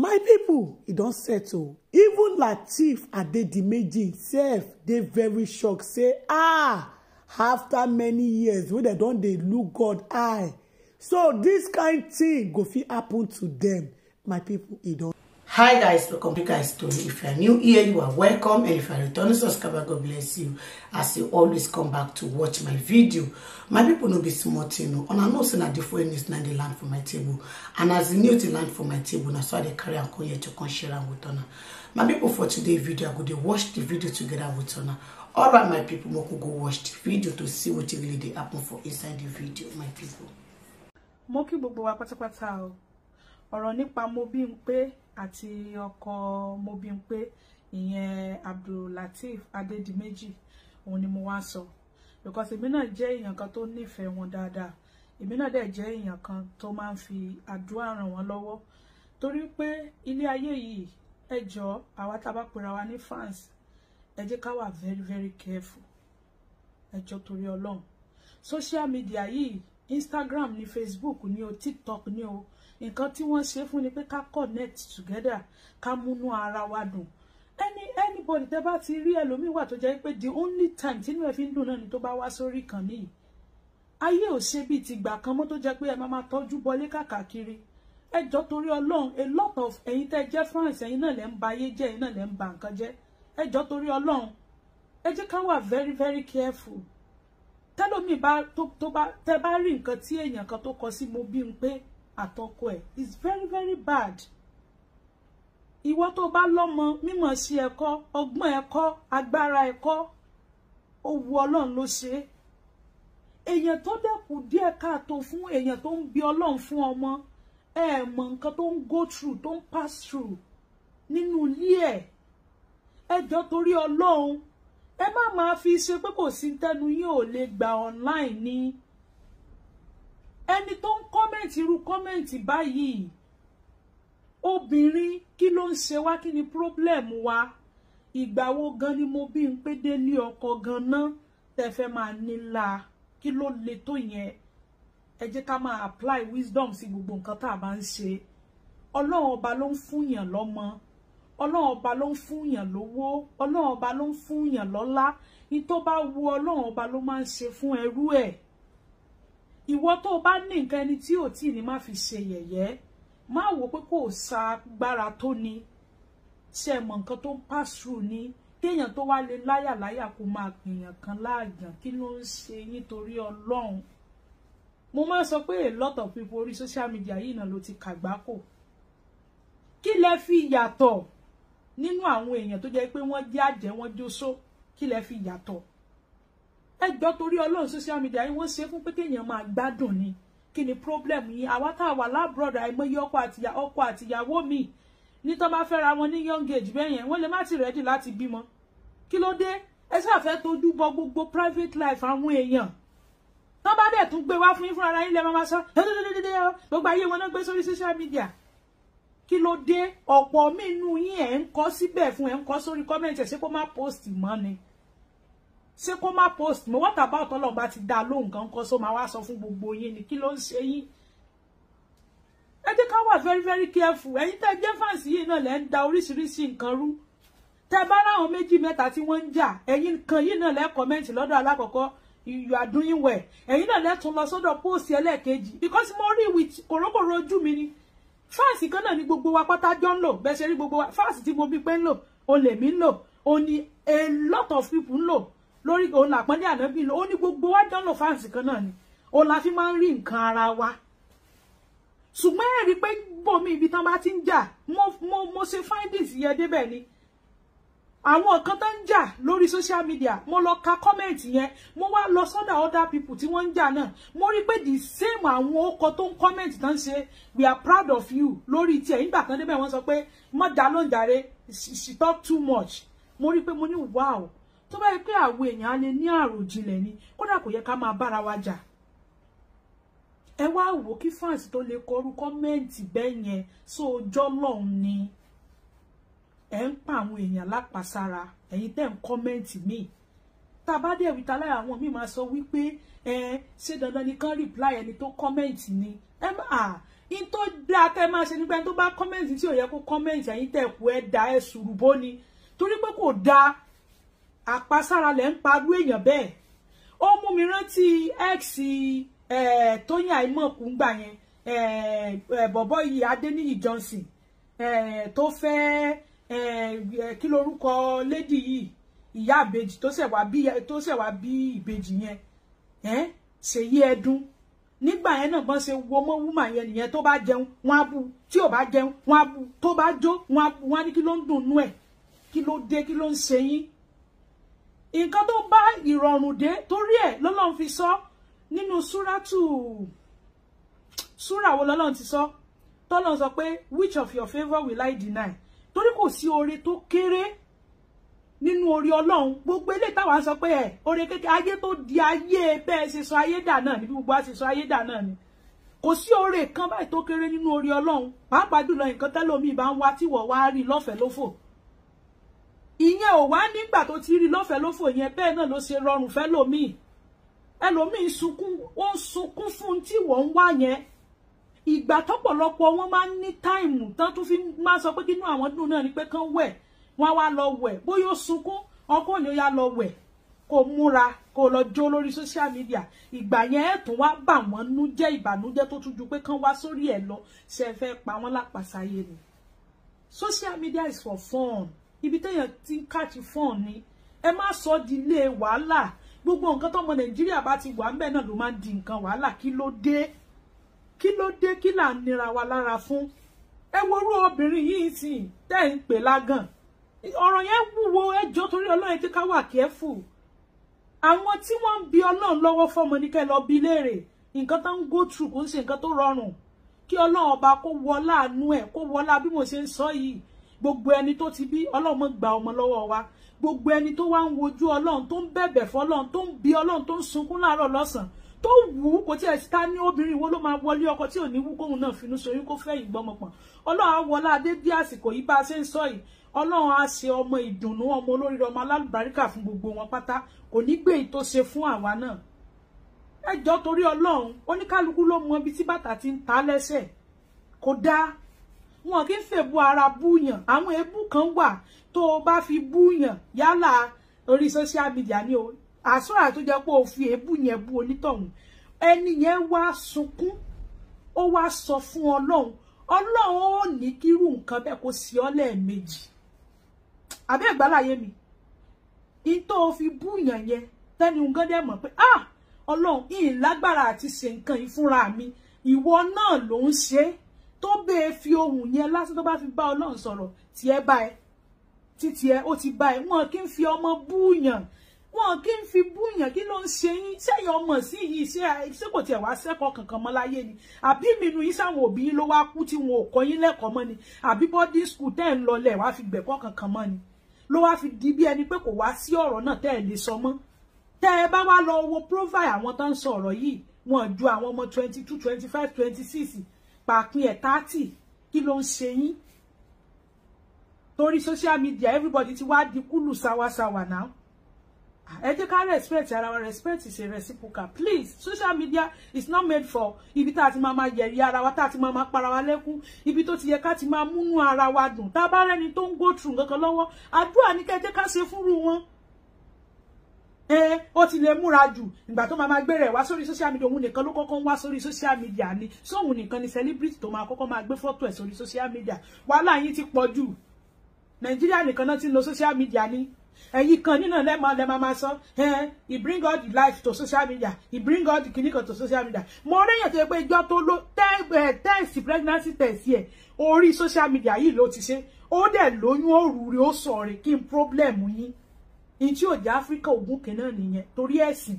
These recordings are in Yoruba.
my people, e don settle even lateef adedimeji sef dey very shocked say ah after many years wey dem don dey look god eye so dis kain tin go fit happen to dem my pipo e don hi guys welcome to you guys to if you are new here you are welcome and if you are returning subscriber god bless you as you always come back to watch my video my people no be small thing o and i know say na the news na dey land for my table and as the new dey land for my table na so i dey carry am come here to come share and with una my people for today's video i go dey watch the video together with una all right my people make we go watch the video to see wetin really dey happen for inside the video my people. mo kí gbogbo wa pátápátá o ọ̀rọ̀ nípa Mobimpe àti ọkọ Mobimpe ìyẹn Abdulateef Adédìméjì òun ni mo wá sọ because èmi náà jẹ́ èèyàn kan tó nífẹ̀ẹ́ wọn dáadáa èmi náà dẹ̀ jẹ́ èèyàn kan tó máa ń fi àdúrà ràn wọ́n lọ́wọ́ torí pé ilé ayé yìí ẹ jọ̀ọ́ àwa tá a bá pera wa ní fans ẹ jẹ́ ká wà very very careful ẹ jọ̀ọ́ torí Ọlọ́run social media yìí Instagram ni Facebook ni o TikTok ni o nǹkan tí wọ́n ṣe fún ni pé ká connect together ká múnú ara wa dùn any anybody tẹ́ bá ti rí ẹlòmíín wà tó jẹ́ pé the only time tínú ẹ̀ fi ń dùn náà ni tó bá wá sórí kan níyì ayé ò ṣe bíi ti gbà kan mọ́ tó jẹ́ pé ẹ máa máa tọ́jú bọlé kàkàkiri ẹ jọ torí Ọlọ́run a lot of ẹ̀yin tẹ́ jẹ́ France ẹ̀yin náà lẹ́ ń ba ayé jẹ́ ẹ̀yin náà lẹ́ ń ba nǹkan jẹ́ ẹ jọ torí Ọlọ́run ẹ jẹ́ ká wà very very careful tẹ́lómi bá tó bá tẹ́ bá rí nǹkan tí èèyàn kan tó kọ sí mo bí n pé àtọkọ ẹ̀ it's very very bad ìwọ tó bá lọ́mọ mímọ̀ sí ẹ̀kọ́ ọgbọ́n ẹ̀kọ́ agbára ẹ̀kọ́ ó wu Ọlọ́run ló ṣe èèyàn tó dẹ̀kù díẹ̀ káàtó fún èèyàn tó ń bi Ọlọ́run fún ọmọ ẹ mọ̀ nǹkan tó ń go through tó ń pass through nínú ilé ẹ̀ ẹ jọ torí Ọlọ́run ẹ má máa fi ṣe pé kò sí tẹnu yín ò lè gbà online ni ẹni tó ń kọ́mẹ̀ntì irú kọ́mẹ̀ntì báyìí obìnrin kí ló ń ṣe wá kí ni pírọ́blẹ̀mù wa ìgbà wo gan ni mo bí ń pé dé ní ọkọ gan ná tẹfẹ máa nílà kí ló le tó yẹn ẹ jẹ́ ká máa apply wisdom sí gbogbo nǹkan tá a bá ń ṣe ọlọ́run ọba ló ń fúnyàn lọ́mọ ọlọ́run ọba ló ń fúnyàn lówó ọlọ́run ọba ló ń fúnyàn lọ́lá ní tó bá wu ọlọ́run ọba ló máa ń ṣe fún ẹrú ẹ̀. E ìwọ tó bá ní nǹkan ẹni tí ò tí ní má fi ṣe yẹ̀yẹ́ má wò pé kò ṣàgbára tó ni ṣe mọ̀ nǹkan tó ń pass through ni kéèyàn tó wá lè láyàláyà kó máa pèèyàn kan láàyàn kí ló ń ṣe nítorí Ọlọ́run mo máa sọ pé a lot of people orí social media yìí náà ló ti kàgbákò kí lẹ fi yàtọ̀ nínú àwọn èèyàn tó jẹ́ pé wọ́n jẹ́ àjẹ́ wọ́n jósó kí lẹ fi yàtọ̀ ẹ gbọ́ torí ọlọ́run social media yín wọ́n ṣe fún pé kéèyàn máa gbádùn ni kí ni problem yín àwa tá a wà lábúrọ̀dà àìmọye ọkọ àtìyà ọkọ àtìyàwó mi ní tán bá fẹ́ra wọn ní young age bẹ́ẹ̀ yẹn wọ́n lè má ti rẹ́dì láti bímọ kí ló dé ẹ ṣàfẹ́ tójú bọ gbogbo private life àwọn èèyàn tán bá dẹ̀ tún gbé wá fún yín fún ara yín lẹ́ máa sọ gbogbo ayé wọn náà gbé sórí social media kí ló dé ọ̀pọ̀ mí inú yín ẹ̀ ń kọ́ síbẹ̀ fún ẹ̀ ń ṣé kó má post mo what about ọlọ́run bá ti dá lóhùn kan kọ́ so máa wá sọ fún gbogbo yín ni kí ló ń ṣe yín ẹ jẹ́ ká very very careful ẹ̀yin tẹ́ jẹ́ fans yìí náà lẹ́ ń da oríṣiríṣi nǹkan rú tẹ́ bá ráwọn méjì mẹ́ta tí wọ́n ń jà ẹ̀yin kan yìí náà lẹ́ kọ́mẹ́ǹtì lọ́dọ̀ alákọ̀ọ́kọ́ you are doing well ẹ̀yin náà lẹ́ tún lọ sọ́dọ̀ póòsì ẹlẹ́ẹ̀kejì because mo rí with kòrókòrò ojú mi ni fans kan náà ni gbogbo wa pátá jọ ń lò bẹ́ẹ̀ ṣe gbogbo wa fans tí mo bí pé ń lò olèmí ń lò òní a lot of people ń lórí òun làpọ́nlé ànábì ó ní gbogbo wa dánlò fáǹsì kan náà ni òun la fi máa ń rí nǹkan ara wa ṣùgbọ́n ẹ̀rí pé bòmí ibi tán bá ti ń jà mo mo mo ṣe findings yẹn débẹ̀ ni àwọn kan tó ń jà lórí social media mo lọ ka kọ́mẹ̀ntì yẹn mo wá lọ sọ́dọ̀ other people tí wọ́n ń jà náà mo rí pé the same àwọn ọkọ tó ń kọ́mẹ̀ntì tó ń ṣe we are proud of you lórí tiẹ̀ nígbà kan débẹ̀ wọ́n sọ pé mọ̀jà ló ń jàre she talk too much mo rí pé mo ní wow tó bá yẹ pé àwọn èèyàn á lè ní àròjinlẹ̀ ni kódà kò yẹ ká máa bára wa jà ẹ wá wò kí fans tó lè kọrú kọ́mẹ́ǹtì bẹ́ẹ̀ yẹn sọ ọjọ́ lọ́hùn ni ẹ ń pa àwọn èèyàn lápasára ẹ̀yin tẹ́ ń kọ́mẹ́ǹtì míì tá a bá dé ìwìta láyà àwọn míì máa sọ wípé ẹ ṣe dandan ni kán rìpláì ẹni tó kọ́mẹ́ǹtì ni ẹ máa in tó dáa tẹ́ máa ṣe nígbà tó bá kọ́mẹ́ǹtì tí ò yẹ kó kọ́mẹ́ǹtì ẹ̀yin tẹ́ kú ẹ da ẹ sùrù bó ni torí pé kò dáa àpasára lẹ ń parú èèyàn bẹ́ẹ̀ ó mú mi rántí x tóyìn àìmọ̀kù ń gbà yẹn bọ̀bọ̀ yìí adéníyì johnson tó fẹ́ kí lorúkọ lady yìí ìyá ìbejì tó ṣẹ̀ wá bí ìbejì yẹn ṣèyí ẹdún nígbà yẹn náà bọ́n ṣe wo mọ́ wúmà yẹn nìyẹn tó bá jẹun wọn á bu tí ò bá jẹun wọn á bu tó bá jó wọn á bu wọn á ní kí ló ń dùn nú ẹ̀ kí ló dé kí ló ń ṣe nǹkan tó bá ìrọ̀rùn dé torí ẹ̀ lọ́lọ́run fi sọ nínú súrátù súrà wo lọ́lọ́run ti sọ tọ́lọ́run sọ pé which of your favour will I deny torí kò sí oore tó kéré nínú orí ọlọ́run gbogbo eléyìí táwa sọ pé ẹ̀ oore kékeré ayé tó di ayé bẹ́ẹ̀ ṣe sọ ayé dà náà ni bí gbogbo a ayé dà náà ni kò sí oore kan báyìí tó kéré nínú orí ọlọ́run pàápàá jùlọ nǹkan tẹ́lómi bá ń wá tíwọ̀ wá rí lọ́fẹ̀ẹ́ lófò ìyẹn ò wá nígbà tó ti rí lọ́fẹ̀ẹ́ lófò yẹn bẹ́ẹ̀ náà ló ṣe rọrùn fẹ́ lómi ẹlòmíì sunkún ó ń sunkún fún tí wọ́n ń wá yẹn ìgbà tọ́pọ̀lọpọ̀ wọn máa ń ní táìmù tán tún fi máa sọ pé kínú àwọn dùn náà ni pé kán wẹ̀ wọ́n wá lọ wẹ̀ bóyá ó sunkún ọkọ ni ó yá lọ wẹ̀ kó múra kó lọ jó lórí social media ìgbà yẹn ẹ tún wá bà wọ́n nú jẹ́ ìbànújẹ́ tó tún ju pé kán wá sórí ẹ̀ lọ ṣe fẹ́ pa wọ́n lápàsáyé ni social media is for fun ibi téèyàn ti ń káàkiri fọ́ọ̀n ni ẹ má sọ di ilé wàhálà gbogbo nǹkan tọmọ nàìjíríà bá ti wà ń bẹ̀ náà ló máa ń di nǹkan wàhálà kí ló dé kí ló dé kí là ń nira wa lára fún ẹ worú obìnrin yìí sì tẹ́ ń pè lágàn ọ̀rọ̀ yẹn wúwo ẹjọ́ torí ọlọ́run ti ká wà kẹ́fù àwọn tí wọ́n ń bi ọlọ́run lọ́wọ́ fọmọ ní kẹ́ lọ bi léèrè nǹkan tó ń go through kò ń ṣe nǹkan tó rọrùn kí ọlọ́run ọba kó wọlá àánú ẹ̀ kó wọlá bí mo ṣe ń sọ yìí gbogbo ẹni tó ti bí ọlọ́mọ gba ọmọ lọ́wọ́ wa gbogbo ẹni tó wá ń wojú ọlọ́run tó ń bẹ̀bẹ̀ fọlọ́run tó ń bi ọlọ́run tó ń sunkún láàárọ̀ lọ́sàn tó wù ú kò tí ẹ̀ ta ní obìnrin wo ló máa wọlé ọkọ tí ò ní wú kóhun náà finú soyún kó fẹ́ ìgbọ́mọpọ̀n ọlọ́run àwọlá adé bí àsìkò yìí bá a ṣe ń sọ yìí ọlọ́run á ṣe ọmọ ìdùnnú ọmọ olóríire ọmọ alálùbáríkà fún gbogbo wọn pátá kò ní gbé èyí tó ṣe fún àwa náà ẹjọ́ torí ọlọ́run oníkálukú ló mọ ibi tí bàtà ti ń ta lẹ́sẹ̀ kò dáa wọn kì í fèbú ara búyàn àwọn èébú kan wà tó o bá fi búyàn yálà orí social media ni o àsúrà tó jẹ́ pé o fi èébú yẹn bú onítọ̀hún ẹni yẹn wá sunkún ó wá sọ fún ọlọ́run ọlọ́run ó ní kírú nǹkan bẹ́ẹ̀ kó sí ọ lẹ́ẹ̀mejì àbí ìgbàláyé mi in tó fi búyàn yẹn tẹ́ni nǹkan dẹ̀ mọ̀ pé ah ọlọ́run ìlágbára àti ṣe nǹkan ìfúnra mi ìwọ náà ló ń ṣe é tó bẹ́ẹ̀ fi ohun yẹn lásán tó bá fi bá ọlọ́run sọ̀rọ̀ tí ẹ bá ẹ títí ẹ ó ti bá ẹ wọn kì í fi ọmọ búùyàn wọn kì í fi búùyàn kí ló ń ṣe yín sẹ́yìn ọmọ sí yìí ṣé kò tiẹ̀ wá sẹ́kọ̀ọ́ kankan mọ́ láyé ni àbí mìínú yín sáwọn òbí yín ló wá kú tí wọn ò kọ́ yín lẹ́kọ̀ọ́ mọ́ ni àbí bọ́dí skul tẹ́ ẹ̀ ń lọlẹ̀ wá fi gbẹ̀kọ́ kankan mọ́ ni ló wá fi di bí ẹni pé kò wá sí ọ̀rọ̀ náà tẹ́ ẹ̀ lè sọ mọ́ tẹ́ ẹ bá wá lọ wo profile àwọn tó ń sọ ọ̀rọ̀ yìí wọn ju àwọn ọmọ twenty two twenty five twenty six pàápín ẹ̀ tátì kí ló ń ṣe yín torí social media everybody ti wá di kúlù sáwásáwà náà ẹ jẹ́ ká respect ara wa respect is a reciprocal please social media is not made for ibi tá a ti máa máa yẹ̀rí ara wa tá a ti máa máa para wa lẹ́kún ibi tó ti yẹ ká ti máa múnú ara wa dùn tá a bá rẹ́ni tó ń go through nǹkan kan lọ́wọ́ àdúrà ní kẹ́ ẹ jẹ́ ká ṣe fúnrú wọn ẹ eh, ó ti lè múra jù ìgbà tó máa máa gbé rẹ̀ wá social media òun nìkan ló kọ́kọ́ ń wá social media ni sóhun nìkan ni celebrity tó máa kọ́kọ́ máa gbé fọ́tò ẹ̀ sórí social media wàhálà yín ti pọ̀ jù nàìjíríà nìkan náà ti ń lo social media ni ẹ̀yin kan nínú lẹ́mọ lẹ́mọ máa sọ ẹ he bring all the life to social media he bring all the kìnìkan to social media mo réyàn tó yẹ pé ìjọ tó ló tẹ́ẹ̀sì eh, pregnancy test yẹ orí social media yìí ló ti ṣe ó dẹ̀ lóyún òrùrè ó sọ̀rẹ̀ kí n problem yín in tí ò jẹ́ áfíríkà ògùn kìnnà nìyẹn torí ẹ̀sìn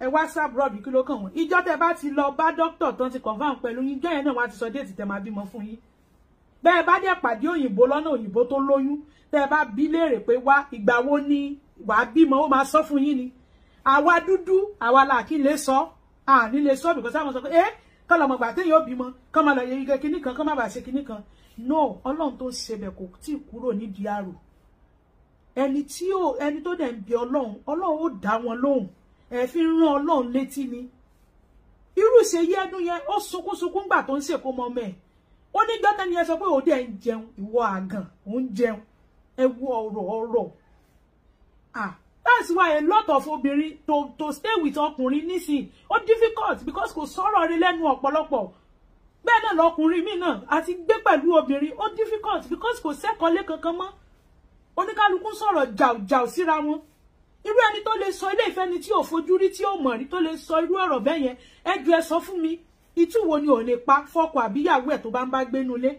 ẹ wá sábúrọ̀dù kí ló kàn wọ́n ìjọ tẹ bá ti lọ bá dókítà tán ti confam pẹ̀lú yín ìjọ yẹn náà wá ti sọ déètì tẹ máa bímọ fún yín bẹ́ẹ̀ bá dẹ̀ pàdé òyìnbó lọ́nà òyìnbó tó lóyún tẹ bá bí léèrè pé wá ìgbà wo ni wàá bímọ ó máa sọ fún yín ni àwa dúdú àwa là kí lè sọ à nílé sọ bìkọ́ sáwọn sọ pé ẹ eh, kọ́ lọ́mọ gbà téèyàn ó bímọ kọ́ máa lọ yẹ kíní kan kọ́ má bàa ṣe kíní kan no ọlọ́run tó ń ṣe bẹ̀ kò tí ì kúrò ẹni tí ó ẹni tó dẹ̀ ń bi ọlọ́run ọlọ́run ó dá wọn lóhùn ẹ fi ń rán ọlọ́run létí ni irú ìṣeyí ẹdún yẹn ó sunkún sunkún gbà tó ń ṣèkó mọ ọmọ ẹ ó ní gbọ́tẹ́ ni ẹ sọ pé òde ẹ̀ ń jẹun ìwọ àgàn ò ń jẹun ẹ wo ọ̀rọ̀ ọ̀rọ̀ ah that's why a lot of obìnrin to to stay with ọkùnrin nísìnyí ó difficult because kò sọ̀rọ̀ rí lẹ́nu ọ̀pọ̀lọpọ̀ bẹ́ẹ̀ náà lọkùnrin mi náà àti gbé pẹ̀lú obìnrin ó difficult because kò sẹ́kọ̀ọ́lé kankan mọ́ oníkálukú sọ̀rọ̀ jàùjàù síra wọn irú ẹni tó lè sọ ilé ìfẹ́ ni tí ò fojú rí tí ò mọ̀ rí tó lè sọ irú ọ̀rọ̀ bẹ́ẹ̀ yẹn ẹ ju ẹ sọ fún mi itú wo ni ò lè pa fọkọ àbíyàwó ẹ̀ tó bá ń bá gbénu lé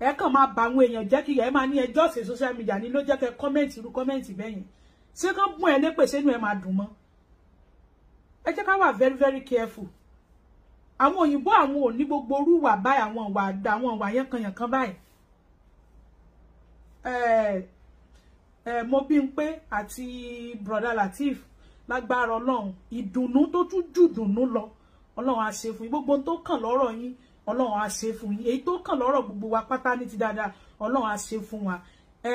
ẹ kàn máa bá àwọn èèyàn jẹ́ kí ẹ máa ní ẹjọ́ ṣe social media ni ló jẹ́ kẹ́ kọ́mẹ̀ntì irú kọ́mẹ̀ntì bẹ́ẹ̀ yẹn ṣé kán bùn ẹ lépè sínú ẹ máa dùn mọ́ ẹ jẹ́ ká wà very very careful àwọn òyìnbó àwọn ò ní gbogbo orú wà báyìí àwọn ìwà àgbà àwọn ìwà yẹn kan yẹn kan báyìí Mobimpe àti brother latif lágbára ọlọ́run ìdùnnú tó tún jù dùnnú lọ ọlọ́run á ṣe fún yín gbogbo tó kàn lọ́rọ̀ yín ọlọ́run á ṣe fún yín èyí tó kàn lọ́rọ̀ gbogbo wa pátá ní ti dáadáa ọlọ́run á ṣe fún wa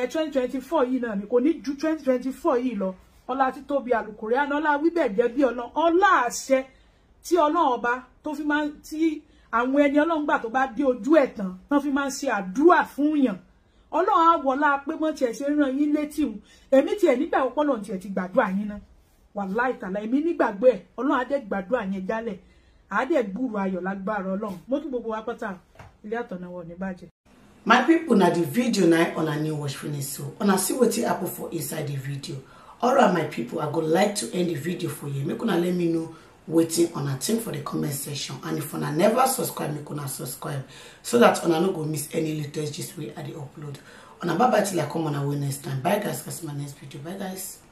twenty twenty four yìí náà mi kò ní ju twenty twenty four yìí lọ ọlá títóbi àlùkòrè àná ọlá wíbẹ̀ jẹ́ bí ọlọ́run ọlá àṣẹ tí ọlọ́run ọba tó fi máa ń tí àwọn ẹni ọlọ́run gbà tó bá dé ojú ẹ̀ tán tán fi máa ń ṣe àdúrà fún yàn ọlọ́run á wọlá pé mọ́ tiẹ̀ ṣe ń ràn yín létí òun èmi tiẹ̀ nígbà wọ́pọ̀ lọ́run tiẹ̀ ti gbàdúrà yín náà wàláì tàlà èmi nígbàgbọ́ ẹ̀ ọlọ́run á dẹ̀ gbàdúrà yẹn jálẹ̀ á dẹ̀ gbúrò ayọ̀ lágbára ọlọ́run mo kí gbogbo wa pátá ilé àtọ̀nàwọ̀ ní bàjẹ́. my pipo na di video na una new watch finish so una see wetin happen for inside di video alright my pipo i go like to end di video for here make una let me know Waiting on una think for the comment section and if una never subscribe make una subscribe so dat una no go miss any latest gist wey i the upload una bye bye till i come on our next time bye guys that's my next video bye guys